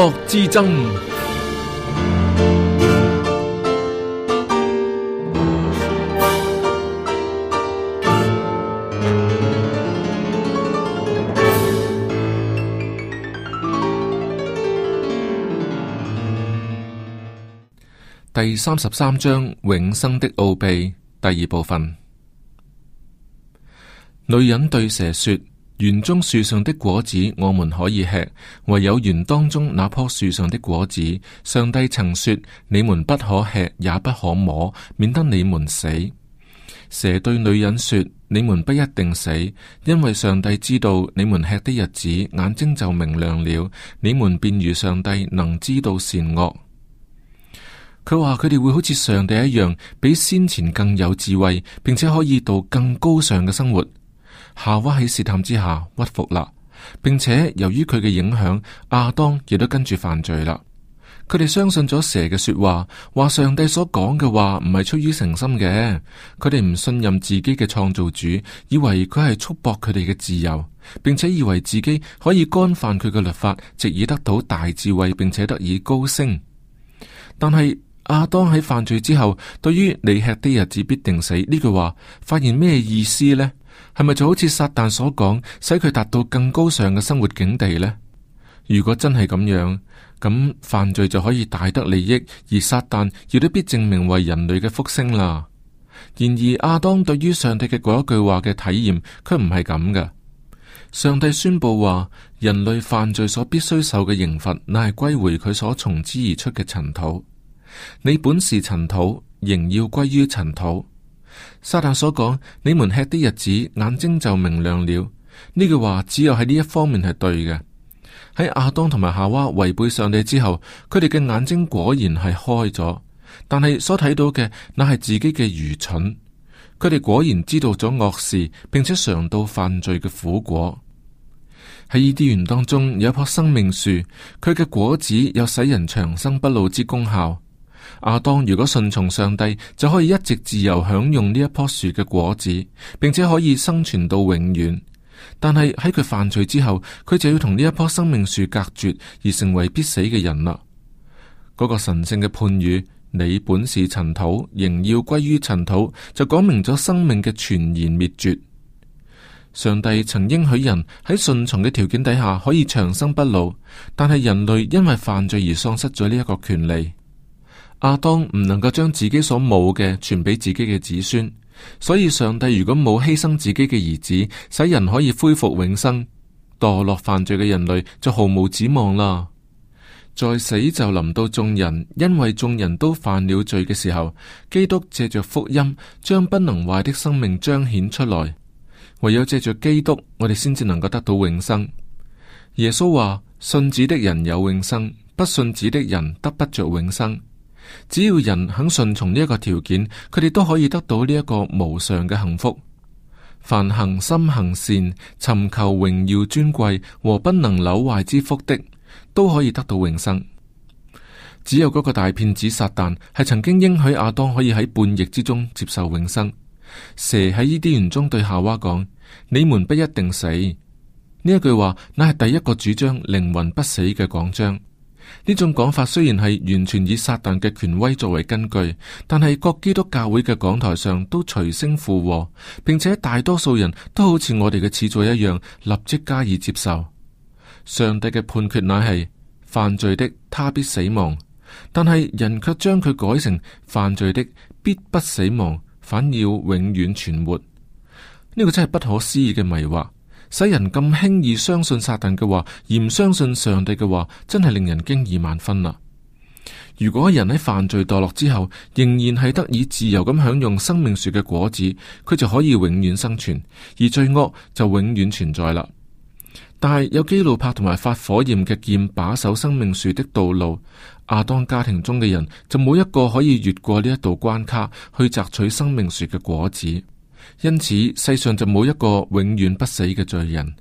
惡之爭，第三十三章永生的奧秘，第二部分。女人對蛇說。園中樹上的果子，我們可以吃；唯有園當中那棵樹上的果子，上帝曾說你們不可吃，也不可摸，免得你們死。蛇對女人說：你們不一定死，因為上帝知道你們吃的日子，眼睛就明亮了，你們便如上帝能知道善惡。佢話佢哋會好似上帝一樣，比先前更有智慧，並且可以度更高尚嘅生活。夏娃喺試探之下屈服啦，並且由於佢嘅影響，阿當亦都跟住犯罪啦。佢哋相信咗蛇嘅說話，話上帝所講嘅話唔係出於誠心嘅。佢哋唔信任自己嘅創造主，以為佢係束縛佢哋嘅自由，並且以為自己可以干犯佢嘅律法，藉以得到大智慧，並且得以高升。但係阿當喺犯罪之後，對於你吃的日子必定死呢句話，發現咩意思呢？係咪就好似撒旦所講，使佢達到更高尚嘅生活境地呢？如果真係咁樣，咁犯罪就可以大得利益，而撒旦亦都必證明為人類嘅福星啦。然而，阿當對於上帝嘅嗰一句話嘅體驗，佢唔係咁嘅。上帝宣布話，人類犯罪所必須受嘅刑罰，乃係歸回佢所從之而出嘅塵土。你本是塵土，仍要歸於塵土。撒旦所講，你們吃的日子，眼睛就明亮了。呢句話只有喺呢一方面係對嘅。喺亞當同埋夏娃違背上帝之後，佢哋嘅眼睛果然係開咗，但係所睇到嘅，那係自己嘅愚蠢。佢哋果然知道咗惡事，並且嘗到犯罪嘅苦果。喺伊甸園當中有一棵生命樹，佢嘅果子有使人長生不老之功效。阿當如果順從上帝，就可以一直自由享用呢一棵樹嘅果子，並且可以生存到永遠。但係喺佢犯罪之後，佢就要同呢一棵生命樹隔絕，而成為必死嘅人啦。嗰個神聖嘅判語：你本是塵土，仍要歸於塵土，就講明咗生命嘅全然滅絕。上帝曾應許人喺順從嘅條件底下可以長生不老，但係人類因為犯罪而喪失咗呢一個權利。阿當唔能夠將自己所冇嘅傳俾自己嘅子孫，所以上帝如果冇犧牲自己嘅兒子，使人可以恢復永生，墮落犯罪嘅人類就毫無指望啦。在死就臨到眾人，因為眾人都犯了罪嘅時候，基督借着福音將不能壞的生命彰顯出來。唯有借着基督，我哋先至能夠得到永生。耶穌話：信子的人有永生，不信子的人得不着永生。只要人肯順從呢一個條件，佢哋都可以得到呢一個無常嘅幸福。凡行心行善、尋求榮耀尊貴和不能朽壞之福的，都可以得到永生。只有嗰個大騙子撒旦係曾經應許亞當可以喺叛逆之中接受永生。蛇喺伊甸園中對夏娃講：你們不一定死。呢一句話乃係第一個主張靈魂不死嘅講章。呢種講法雖然係完全以撒旦嘅權威作為根據，但係各基督教會嘅講台上都隨聲附和，並且大多數人都好似我哋嘅始祖一樣，立即加以接受。上帝嘅判決乃係犯罪的他必死亡，但係人卻將佢改成犯罪的必不死亡，反要永遠存活。呢、這個真係不可思議嘅迷惑。使人咁輕易相信撒旦嘅話，而唔相信上帝嘅話，真係令人驚異萬分啦！如果人喺犯罪墮落之後，仍然係得以自由咁享用生命樹嘅果子，佢就可以永遠生存，而罪惡就永遠存在啦。但係有基路柏同埋發火焰嘅劍把守生命樹的道路，亞當家庭中嘅人就冇一個可以越過呢一道關卡去摘取生命樹嘅果子。因此，世上就冇一個永遠不死嘅罪人。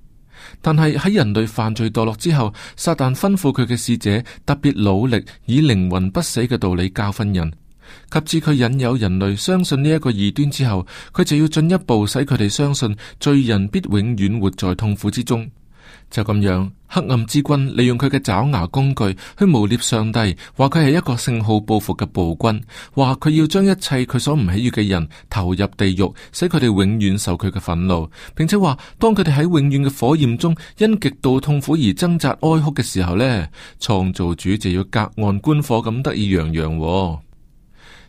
但係喺人類犯罪墮落之後，撒旦吩咐佢嘅使者特別努力以靈魂不死嘅道理教訓人，及至佢引誘人類相信呢一個異端之後，佢就要進一步使佢哋相信罪人必永遠活在痛苦之中。就咁樣，黑暗之君利用佢嘅爪牙工具去誣衊上帝，話佢係一個性好報復嘅暴君，話佢要將一切佢所唔喜悅嘅人投入地獄，使佢哋永遠受佢嘅憤怒，並且話當佢哋喺永遠嘅火焰中因極度痛苦而掙扎哀哭嘅時候呢，創造主就要隔岸觀火咁得意洋洋。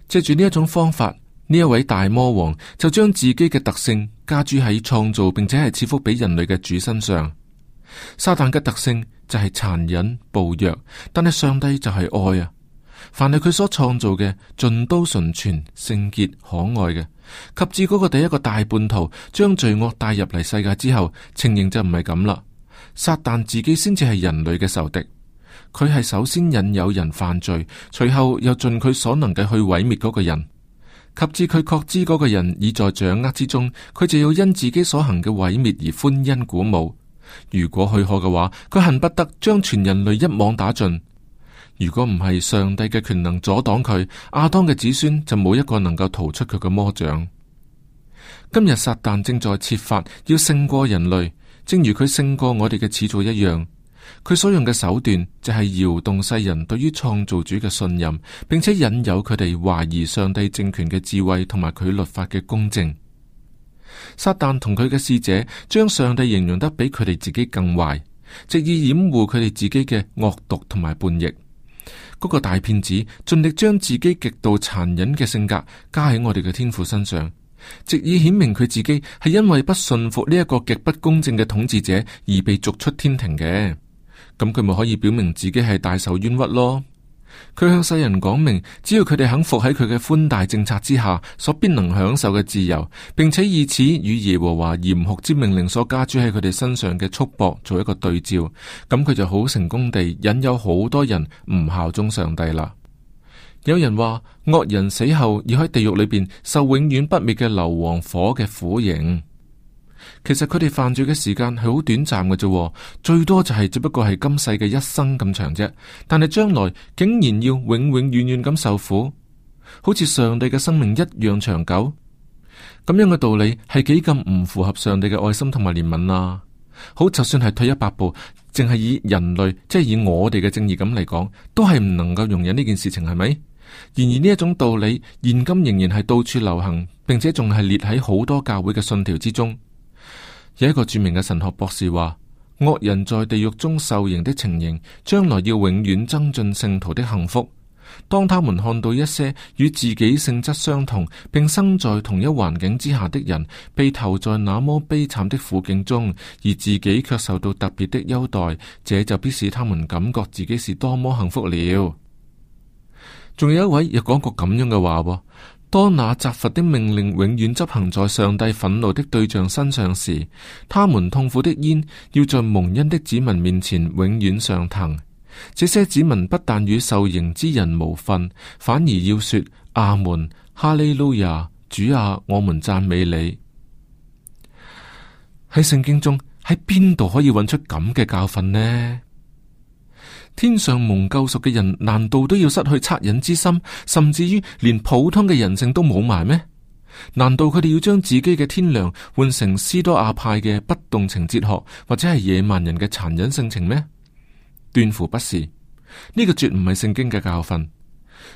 借住呢一種方法，呢一位大魔王就將自己嘅特性加注喺創造並且係賜福俾人類嘅主身上。撒旦嘅特性就係殘忍暴虐，但係上帝就係愛啊！凡係佢所創造嘅，盡都純全、聖潔、可愛嘅。及至嗰個第一個大叛徒將罪惡帶入嚟世界之後，情形就唔係咁啦。撒旦自己先至係人類嘅仇敵，佢係首先引誘人犯罪，隨後又盡佢所能嘅去毀滅嗰個人。及至佢確知嗰個人已在掌握之中，佢就要因自己所行嘅毀滅而歡欣鼓舞。如果許可嘅話，佢恨不得將全人類一網打盡。如果唔係上帝嘅權能阻擋佢，亞當嘅子孫就冇一個能夠逃出佢嘅魔掌。今日撒旦正在設法要勝過人類，正如佢勝過我哋嘅始祖一樣。佢所用嘅手段就係搖動世人對於創造主嘅信任，並且引誘佢哋懷疑上帝政權嘅智慧同埋佢律法嘅公正。撒旦同佢嘅使者將上帝形容得比佢哋自己更壞，藉以掩護佢哋自己嘅惡毒同埋叛逆。嗰個大騙子盡力將自己極度殘忍嘅性格加喺我哋嘅天父身上，藉以顯明佢自己係因為不信服呢一個極不公正嘅統治者而被逐出天庭嘅。咁佢咪可以表明自己係大受冤屈咯？佢向世人講明，只要佢哋肯服喺佢嘅寬大政策之下，所必能享受嘅自由，並且以此與耶和華嚴酷之命令所加諸喺佢哋身上嘅束縛做一個對照，咁佢就好成功地引誘好多人唔效忠上帝啦。有人話惡人死後要喺地獄裏邊受永遠不滅嘅硫磺火嘅苦刑。其實佢哋犯罪嘅時間係好短暫嘅啫，最多就係、是、只不過係今世嘅一生咁長啫。但係將來竟然要永永遠遠咁受苦，好似上帝嘅生命一樣長久，咁樣嘅道理係幾咁唔符合上帝嘅愛心同埋憐憫啊！好，就算係退一百步，淨係以人類，即係以我哋嘅正義感嚟講，都係唔能夠容忍呢件事情，係咪？然而呢一種道理，現今仍然係到處流行，並且仲係列喺好多教會嘅信條之中。有一個著名嘅神學博士話：惡人在地獄中受刑的情形，將來要永遠增進聖徒的幸福。當他們看到一些與自己性質相同，並生在同一環境之下的人，被投在那麼悲慘的苦境中，而自己卻受到特別的優待，這就必使他們感覺自己是多麼幸福了。仲有一位又講過咁樣嘅話喎。當那責罰的命令永遠執行在上帝憤怒的對象身上時，他們痛苦的煙要在蒙恩的子民面前永遠上騰。這些子民不但與受刑之人無份，反而要說：阿門、哈利路亞、主啊，我們讚美你。喺聖經中，喺邊度可以揾出咁嘅教訓呢？天上蒙救贖嘅人，難道都要失去惻隱之心，甚至於連普通嘅人性都冇埋咩？難道佢哋要將自己嘅天良換成斯多亞派嘅不動情哲學，或者係野蠻人嘅殘忍性情咩？斷乎不是。呢個絕唔係聖經嘅教訓。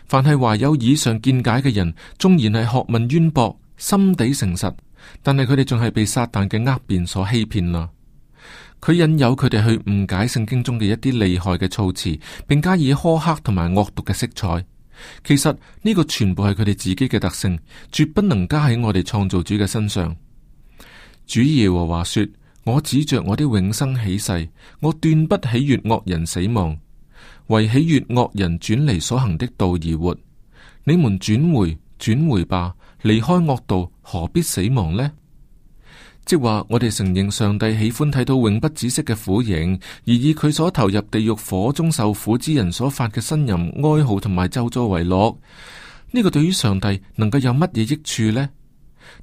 凡係懷有以上見解嘅人，縱然係學問淵博、心地誠實，但係佢哋仲係被撒旦嘅惡變所欺騙啦。佢引誘佢哋去誤解聖經中嘅一啲厲害嘅措辭，並加以苛刻同埋惡毒嘅色彩。其實呢個全部係佢哋自己嘅特性，絕不能加喺我哋創造主嘅身上。主耶和華說：我指着我的永生起誓，我斷不喜悦惡人死亡，為喜悦惡人轉離所行的道而活。你們轉回轉回吧，離開惡道，何必死亡呢？即係話，我哋承認上帝喜歡睇到永不止息嘅苦刑，而以佢所投入地獄火中受苦之人所發嘅呻吟、哀號同埋咒詛為樂。呢、這個對於上帝能夠有乜嘢益處呢？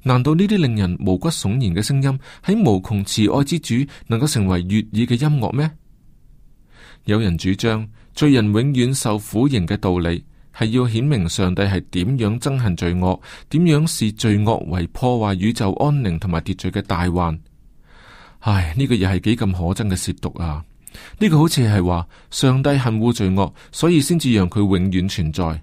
難道呢啲令人毛骨悚然嘅聲音喺無窮慈愛之主能夠成為悅耳嘅音樂咩？有人主張罪人永遠受苦刑嘅道理係要顯明上帝係點樣憎恨罪惡，點樣視罪惡為破壞宇宙安寧同埋秩序嘅大患。唉，呢個又係幾咁可憎嘅褻瀆啊！呢個好似係話上帝恨惡罪惡，所以先至讓佢永遠存在。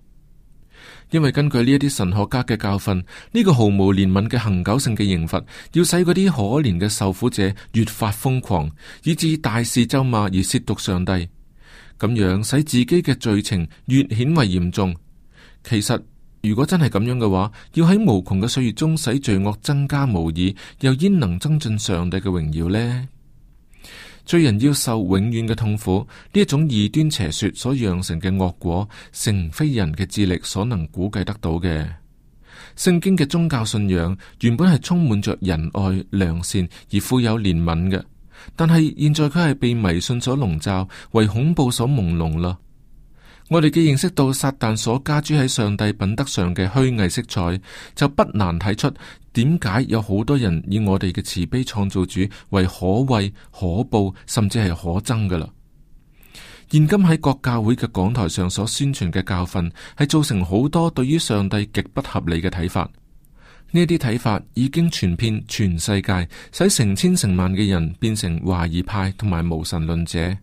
因為根據呢一啲神學家嘅教訓，呢個毫無憐憫嘅恆久性嘅刑罰，要使嗰啲可憐嘅受苦者越發瘋狂，以至大肆咒罵而褻瀆上帝。咁樣使自己嘅罪情越顯為嚴重。其實，如果真係咁樣嘅話，要喺無窮嘅歲月中使罪惡增加無疑，又焉能增進上帝嘅榮耀呢？罪人要受永遠嘅痛苦，呢一種異端邪說所釀成嘅惡果，成非人嘅智力所能估計得到嘅。聖經嘅宗教信仰原本係充滿着仁愛、良善而富有憐憫嘅。但係現在佢係被迷信所籠罩，為恐怖所朦朧啦。我哋既認識到撒旦所加諸喺上帝品德上嘅虛偽色彩，就不難睇出點解有好多人以我哋嘅慈悲創造主為可畏、可怖，甚至係可憎噶啦。現今喺各教會嘅講台上所宣傳嘅教訓，係造成好多對於上帝極不合理嘅睇法。呢啲睇法已經傳遍全世界，使成千成萬嘅人變成懷疑派同埋無神論者。呢、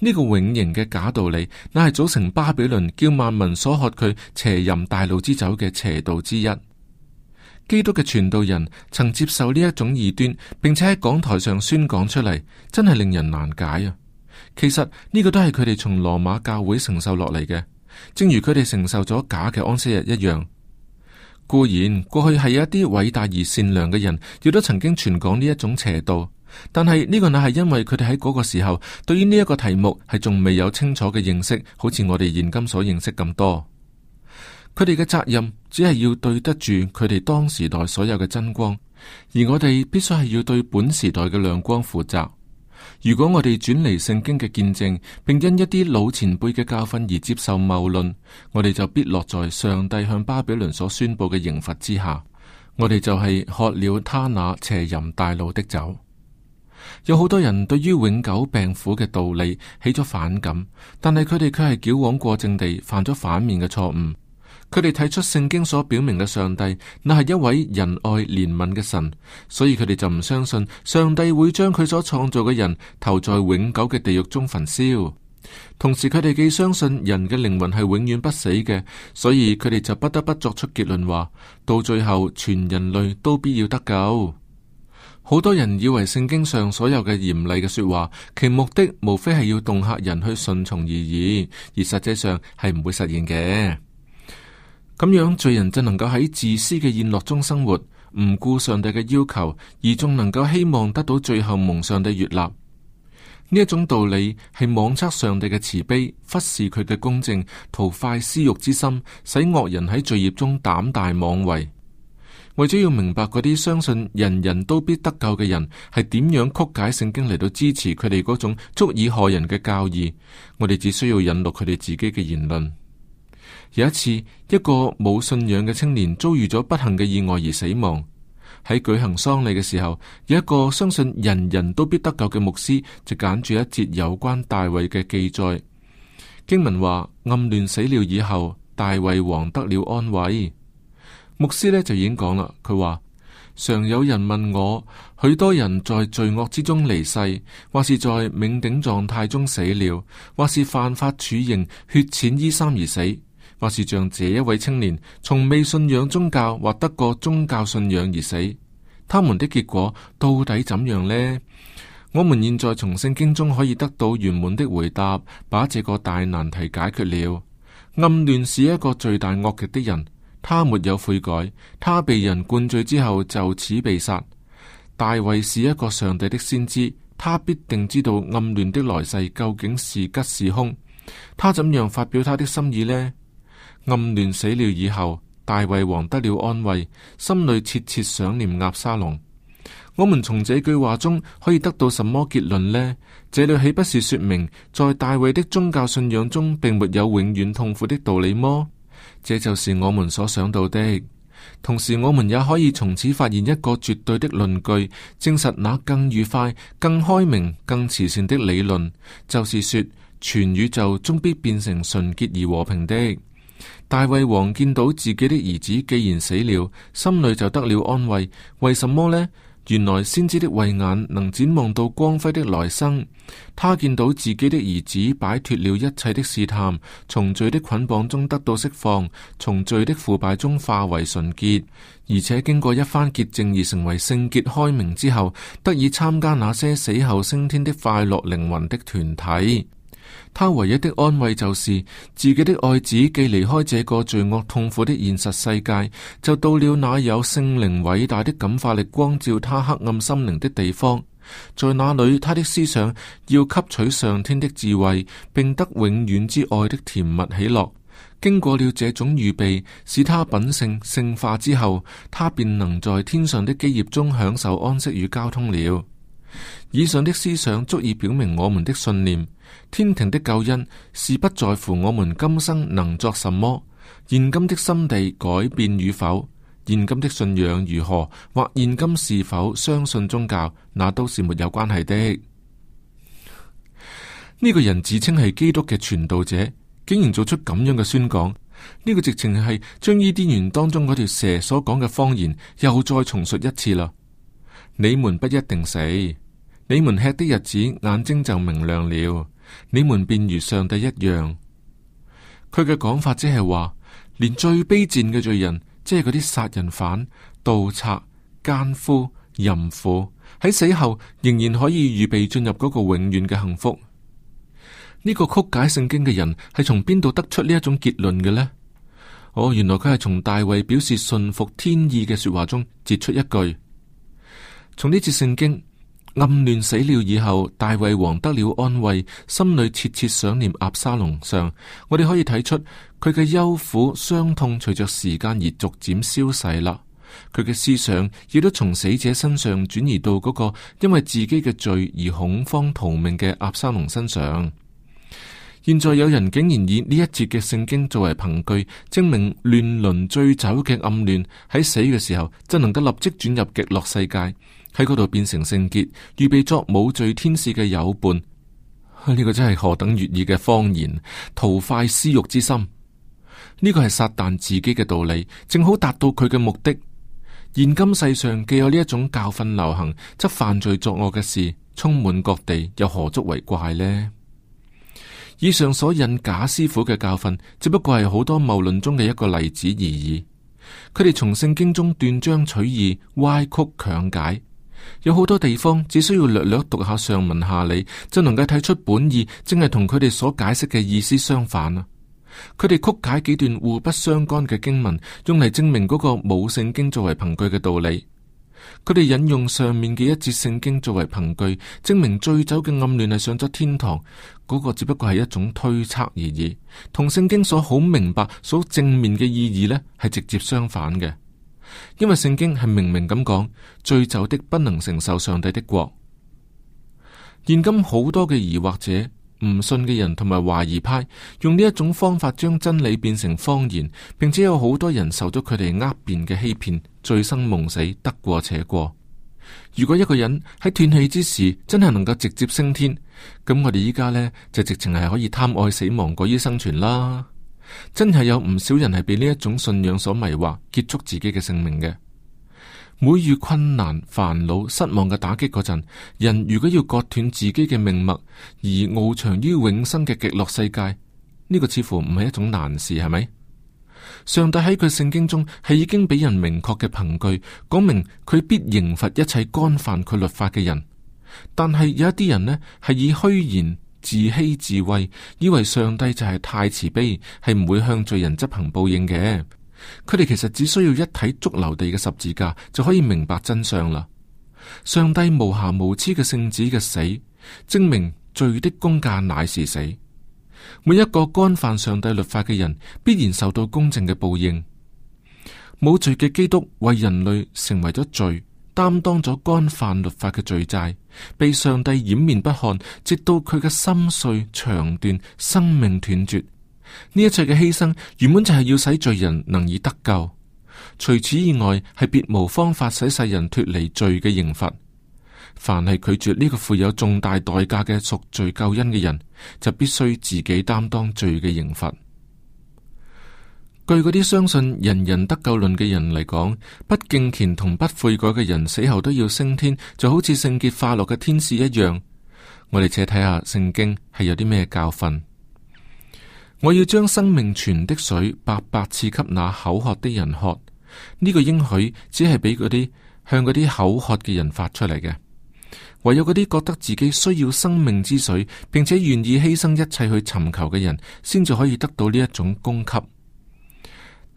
這個永形嘅假道理，乃係組成巴比倫叫萬民所喝佢邪淫大怒之酒嘅邪道之一。基督嘅傳道人曾接受呢一種異端，並且喺講台上宣講出嚟，真係令人難解啊！其實呢、這個都係佢哋從羅馬教會承受落嚟嘅，正如佢哋承受咗假嘅安息日一樣。固然過去係有一啲偉大而善良嘅人，亦都曾經傳講呢一種邪道。但係呢個乃係因為佢哋喺嗰個時候，對於呢一個題目係仲未有清楚嘅認識，好似我哋現今所認識咁多。佢哋嘅責任只係要對得住佢哋當時代所有嘅真光，而我哋必須係要對本時代嘅亮光負責。如果我哋轉離聖經嘅見證，並因一啲老前輩嘅教訓而接受謬論，我哋就必落在上帝向巴比倫所宣布嘅刑罰之下。我哋就係喝了他那邪淫大怒的酒。有好多人對於永久病苦嘅道理起咗反感，但係佢哋卻係矯枉過正地犯咗反面嘅錯誤。佢哋睇出聖經所表明嘅上帝，那係一位仁愛憐憫嘅神，所以佢哋就唔相信上帝會將佢所創造嘅人投在永久嘅地獄中焚燒。同時，佢哋既相信人嘅靈魂係永遠不死嘅，所以佢哋就不得不作出結論：話到最後，全人類都必要得救。好多人以為聖經上所有嘅嚴厲嘅說話，其目的無非係要動客人去順從而已，而實際上係唔會實現嘅。咁樣罪人就能夠喺自私嘅宴樂中生活，唔顧上帝嘅要求，而仲能夠希望得到最後蒙上帝悅納。呢一種道理係妄測上帝嘅慈悲，忽視佢嘅公正，圖快私欲之心，使惡人喺罪孽中膽大妄為。為咗要明白嗰啲相信人人都必得救嘅人係點樣曲解聖經嚟到，支持佢哋嗰種足以害人嘅教義，我哋只需要引錄佢哋自己嘅言論。有一次，一個冇信仰嘅青年遭遇咗不幸嘅意外而死亡。喺舉行喪禮嘅時候，有一個相信人人都必得救嘅牧師就揀住一節有關大衛嘅記載。經文話暗亂死了以後，大衛王得了安慰。牧師呢，就已經講啦，佢話常有人問我，許多人在罪惡之中離世，或是在冥頂狀態中死了，或是犯法處刑，血淺衣衫而死。或是像這一位青年，從未信仰宗教或得過宗教信仰而死，他們的結果到底怎樣呢？我們現在從聖經中可以得到圓滿的回答，把這個大難題解決了。暗嫩是一個罪大惡極的人，他沒有悔改，他被人灌醉之後就此被殺。大衛是一個上帝的先知，他必定知道暗嫩的來世究竟是吉是凶，他怎樣發表他的心意呢？暗亂死了以後，大衛王得了安慰，心裏切切想念押沙龍。我們從這句話中可以得到什麼結論呢？這裏豈不是說明，在大衛的宗教信仰中，並沒有永遠痛苦的道理麼？這就是我們所想到的。同時，我們也可以從此發現一個絕對的論據，證實那更愉快、更開明、更慈善的理論，就是說，全宇宙終必變成純潔而和平的。大衛王見到自己的兒子既然死了，心裏就得了安慰。為什麼呢？原來先知的慧眼能展望到光輝的來生。他見到自己的兒子擺脫了一切的試探，從罪的捆綁中得到釋放，從罪的腐敗中化為純潔，而且經過一番潔淨而成為聖潔開明之後，得以參加那些死後升天的快樂靈魂的團體。他唯一的安慰就是自己的愛子既離開這個罪惡痛苦的現實世界，就到了那有聖靈偉大的感化力光照他黑暗心靈的地方，在那裏他的思想要吸取上天的智慧，並得永遠之愛的甜蜜喜樂。經過了這種預備，使他品性聖化之後，他便能在天上的基業中享受安息與交通了。以上的思想足以表明我們的信念，天庭的救恩是不在乎我們今生能作什麼，現今的心地改變與否，現今的信仰如何，或現今是否相信宗教，那都是沒有關係的。呢、這個人自稱係基督嘅傳道者，竟然做出咁樣嘅宣講，呢、這個直情係將伊甸園當中嗰條蛇所講嘅謊言又再重述一次啦。你們不一定死，你們吃的日子，眼睛就明亮了，你們便如上帝一樣。佢嘅講法即係話，連最卑賤嘅罪人，即係嗰啲殺人犯、盜賊、奸夫、淫婦，喺死後仍然可以預備進入嗰個永遠嘅幸福。呢個曲解聖經嘅人係從邊度得出呢一種結論嘅咧？哦，原來佢係從大衛表示信服天意嘅說話中截出一句。從呢節聖經，暗嫩死了以後，大衛王得了安慰，心裏切切想念押沙龍上。我哋可以睇出佢嘅憂苦傷痛，隨着時間而逐漸消逝啦。佢嘅思想亦都從死者身上轉移到嗰個因為自己嘅罪而恐慌逃命嘅押沙龍身上。現在有人竟然以呢一節嘅聖經作為憑據，證明亂倫醉酒嘅暗嫩喺死嘅時候就能夠立即轉入極樂世界。喺嗰度變成聖潔，預備作冇罪天使嘅友伴。呢、啊，這個真係何等悅耳嘅謊言，陶快私欲之心。呢、這個係撒旦自己嘅道理，正好達到佢嘅目的。現今世上既有呢一種教訓流行，則犯罪作惡嘅事充滿各地，又何足為怪呢？以上所引假師傅嘅教訓，只不過係好多謬論中嘅一個例子而已。佢哋從聖經中斷章取義，歪曲強解。有好多地方只需要略略讀下上文下理就能夠睇出本意，正係同佢哋所解釋嘅意思相反啊！佢哋曲解幾段互不相干嘅經文，用嚟證明嗰個冇聖經作為憑據嘅道理。佢哋引用上面嘅一節聖經作為憑據，證明醉酒嘅暗戀係上咗天堂，嗰個只不過係一種推測而已，同聖經所好明白、所正面嘅意義咧係直接相反嘅。因為聖經係明明咁講，醉酒的不能承受上帝的國。現今好多嘅疑惑者、唔信嘅人同埋懷疑派，用呢一種方法將真理變成謊言，並且有好多人受咗佢哋呃辯嘅欺騙，醉生夢死，得過且過。如果一個人喺斷氣之時真係能夠直接升天，咁我哋依家呢，就直情係可以貪愛死亡過於生存啦。真係有唔少人係被呢一種信仰所迷惑，結束自己嘅性命嘅。每遇困難、煩惱、失望嘅打擊嗰陣，人如果要割斷自己嘅命脈而翱翔於永生嘅極樂世界，呢個似乎唔係一種難事，係咪？上帝喺佢聖經中係已經俾人明確嘅憑據，講明佢必刑罰一切干犯佢律法嘅人。但係有一啲人呢，係以虛言。自欺自慰，以為上帝就係太慈悲，係唔會向罪人執行報應嘅。佢哋其實只需要一睇骷髏地嘅十字架就可以明白真相啦。上帝無瑕無疵嘅聖子嘅死，證明罪的公價乃是死。每一個干犯上帝律法嘅人，必然受到公正嘅報應。冇罪嘅基督為人類成為咗罪。擔當咗干犯律法嘅罪債，被上帝掩面不看，直到佢嘅心碎、腸斷、生命斷絕。呢一切嘅犧牲原本就係要使罪人能以得救。除此以外，係別無方法使世人脫離罪嘅刑罰。凡係拒絕呢個富有重大代價嘅贖罪救恩嘅人，就必須自己擔當罪嘅刑罰。據嗰啲相信人人得救論嘅人嚟講，不敬虔同不悔改嘅人死後都要升天，就好似聖潔快樂嘅天使一樣。我哋且睇下聖經係有啲咩教訓。我要將生命泉的水白白賜給那口渴的人喝。呢、這個應許只係俾嗰啲向嗰啲口渴嘅人發出嚟嘅，唯有嗰啲覺得自己需要生命之水，並且願意犧牲一切去尋求嘅人，先至可以得到呢一種供給。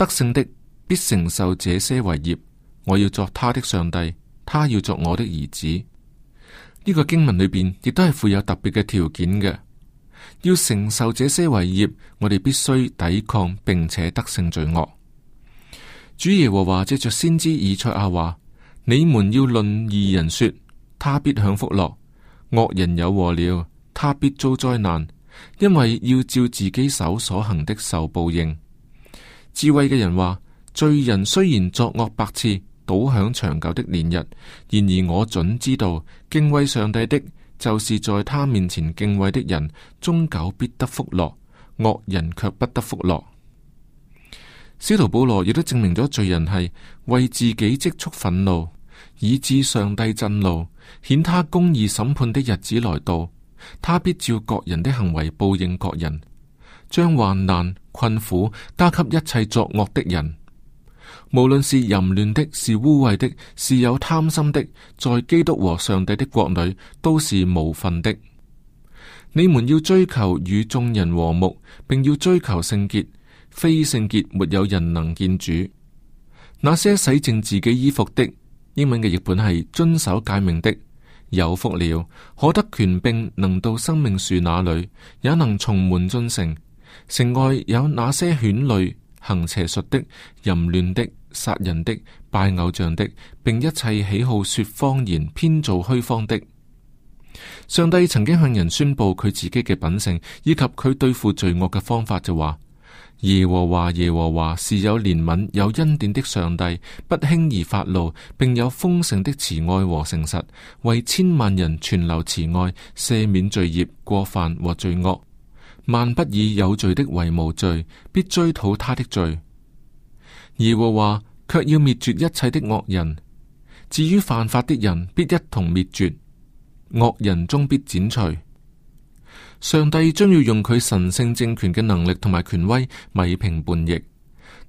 得勝的必承受這些為業，我要作他的上帝，他要作我的兒子。呢、這個經文裏邊亦都係附有特別嘅條件嘅，要承受這些為業，我哋必須抵抗並且得勝罪惡。主耶和華藉着先知以賽亞話：你們要論義人說，他必享福樂，惡人有禍了，他必遭災難，因為要照自己手所行的受報應。智慧嘅人話：罪人雖然作惡百次，倒享長久的年日；然而我準知道，敬畏上帝的，就是在他面前敬畏的人，終久必得福樂。惡人卻不得福樂。司徒保羅亦都證明咗罪人係為自己積蓄憤怒，以致上帝震怒，顯他公義審判的日子來到，他必照各人的行為報應各人。將患難、困苦加給一切作惡的人，無論是淫亂的、是污穢的、是有貪心的，在基督和上帝的國裏都是無份的。你們要追求與眾人和睦，並要追求聖潔，非聖潔沒有人能見主。那些洗淨自己衣服的，英文嘅譯本係遵守誡命的，有福了，可得權柄，能到生命樹那裏，也能從門進城。城外有哪些犬類行邪術的淫亂的殺人的拜偶像的，並一切喜好說謊言編造虛謊的？上帝曾經向人宣布佢自己嘅品性，以及佢對付罪惡嘅方法就，就話：耶和華耶和華是有憐憫有恩典的上帝，不輕而發怒，並有豐盛的慈愛和誠實，為千萬人存留慈愛，赦免罪孽、過犯和罪惡。萬不以有罪的為無罪，必追討他的罪；耶和華卻要滅絕一切的惡人，至於犯法的人，必一同滅絕。惡人終必剪除。上帝將要用佢神聖政權嘅能力同埋權威，彌平叛逆。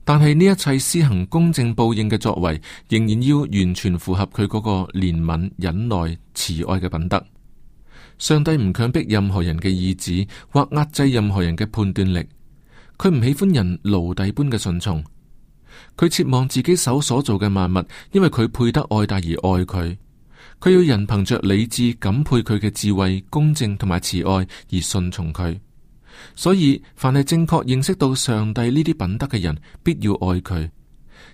但係呢一切施行公正報應嘅作為，仍然要完全符合佢嗰個憐憫、忍耐、慈愛嘅品德。上帝唔強迫任何人嘅意志或壓制任何人嘅判斷力，佢唔喜歡人奴隸般嘅順從，佢切望自己手所做嘅萬物，因為佢配得愛戴而愛佢，佢要人憑着理智感佩佢嘅智慧、公正同埋慈愛而順從佢，所以凡係正確認識到上帝呢啲品德嘅人，必要愛佢，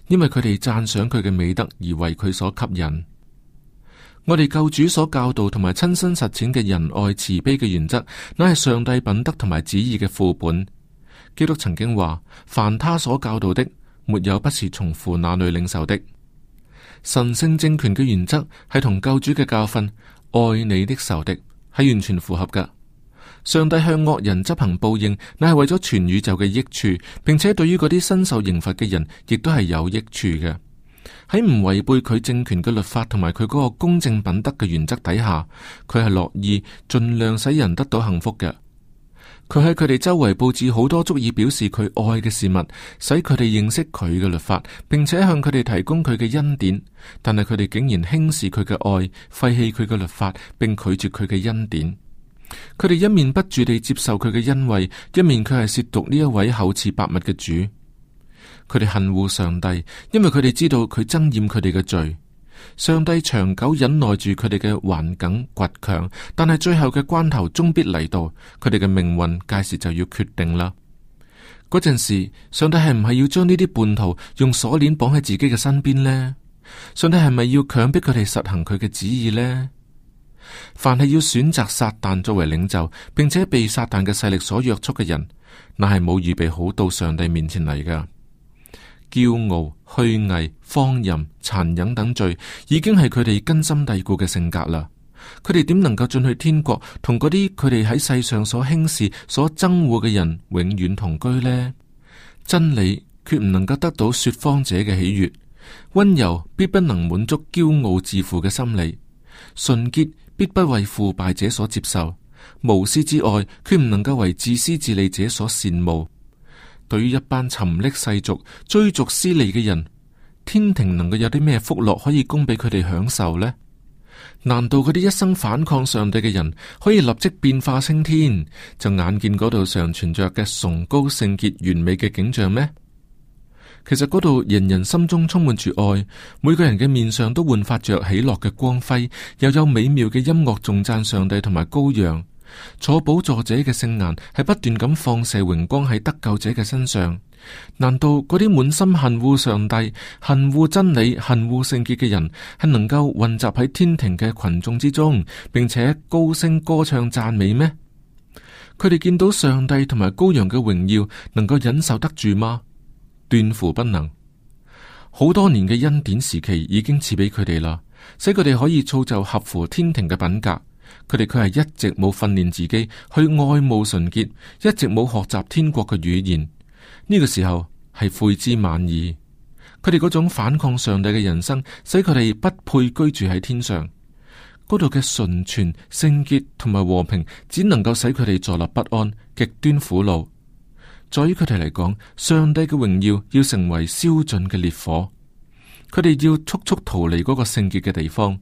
因為佢哋讚賞佢嘅美德而為佢所吸引。我哋救主所教導同埋親身實踐嘅仁愛慈悲嘅原則，乃係上帝品德同埋旨意嘅副本。基督曾經話：凡他所教導的，沒有不是從父那裏領受的。神聖政權嘅原則係同救主嘅教訓，愛你的仇敵，係完全符合嘅。上帝向惡人執行報應，乃係為咗全宇宙嘅益處，並且對於嗰啲身受刑罰嘅人，亦都係有益處嘅。喺唔違背佢政權嘅律法同埋佢嗰個公正品德嘅原則底下，佢係樂意盡量使人得到幸福嘅。佢喺佢哋周圍佈置好多足以表示佢愛嘅事物，使佢哋認識佢嘅律法，並且向佢哋提供佢嘅恩典。但係佢哋竟然輕視佢嘅愛，廢棄佢嘅律法，並拒絕佢嘅恩典。佢哋一面不住地接受佢嘅恩惠，一面佢係褻瀆呢一位厚賜百物嘅主。佢哋恨惡上帝，因為佢哋知道佢憎厭佢哋嘅罪。上帝長久忍耐住佢哋嘅環境倔強，但係最後嘅關頭終必嚟到，佢哋嘅命運屆時就要決定啦。嗰陣時，上帝係唔係要將呢啲叛徒用鎖鏈綁喺自己嘅身邊呢？上帝係咪要強迫佢哋實行佢嘅旨意呢？凡係要選擇撒旦作為領袖，並且被撒旦嘅勢力所約束嘅人，乃係冇預備好到上帝面前嚟噶。驕傲、虛偽、荒淫、殘忍等罪，已經係佢哋根深蒂固嘅性格啦。佢哋點能夠進去天國，同嗰啲佢哋喺世上所輕視、所憎惡嘅人永遠同居呢？真理決唔能夠得到說謊者嘅喜悅，溫柔必不能滿足驕傲自負嘅心理，純潔必不為腐敗者所接受，無私之愛決唔能夠為自私自利者所羨慕。對於一班沉溺世俗、追逐私利嘅人，天庭能夠有啲咩福樂可以供俾佢哋享受呢？難道佢哋一生反抗上帝嘅人，可以立即變化升天，就眼見嗰度上存着嘅崇高聖潔、完美嘅景象咩？其實嗰度人人心中充滿住愛，每個人嘅面上都煥發着喜樂嘅光輝，又有美妙嘅音樂重讚上帝同埋羔羊。坐寶座者嘅聖顏係不斷咁放射榮光喺得救者嘅身上，難道嗰啲滿心恨惡上帝、恨惡真理、恨惡聖潔嘅人係能夠混集喺天庭嘅群眾之中，並且高聲歌唱讚美咩？佢哋見到上帝同埋羔羊嘅榮耀，能夠忍受得住嗎？斷乎不能。好多年嘅恩典時期已經賜俾佢哋啦，使佢哋可以造就合乎天庭嘅品格。佢哋佢係一直冇訓練自己去愛慕純潔，一直冇學習天國嘅語言。呢個時候係悔之晚矣。佢哋嗰種反抗上帝嘅人生，使佢哋不配居住喺天上。嗰度嘅純全、聖潔同埋和平，只能夠使佢哋坐立不安、極端苦惱。在於佢哋嚟講，上帝嘅榮耀要成為燒盡嘅烈火，佢哋要速速逃離嗰個聖潔嘅地方。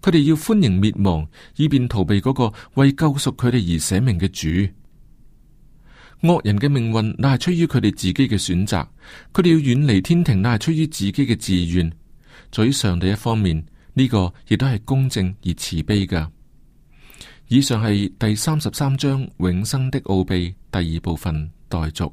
佢哋要歡迎滅亡，以便逃避嗰個為救贖佢哋而捨命嘅主。惡人嘅命運乃係出於佢哋自己嘅選擇，佢哋要遠離天庭，乃係出於自己嘅自願。在於上帝一方面，呢、這個亦都係公正而慈悲嘅。以上係第三十三章永生的奧秘第二部分待續。